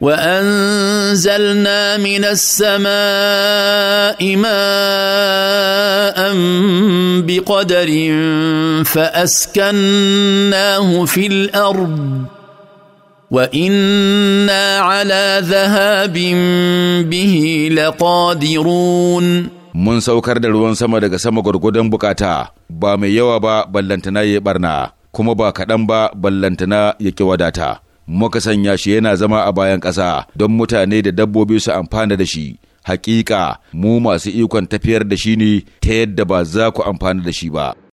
وانزلنا من السماء ماء بقدر فاسكناه في الارض وانا على ذهاب به لقادرون mun saukar da ruwan sama daga sama gwargwadon bukata ba mai yawa ba ballantana ya barna kuma ba kaɗan ba ballantana ya wadata muka sanya shi yana zama a bayan ƙasa don mutane da dabbobi su amfana da shi hakika mu masu ikon tafiyar da shi ne ta yadda ba za ku amfana da shi ba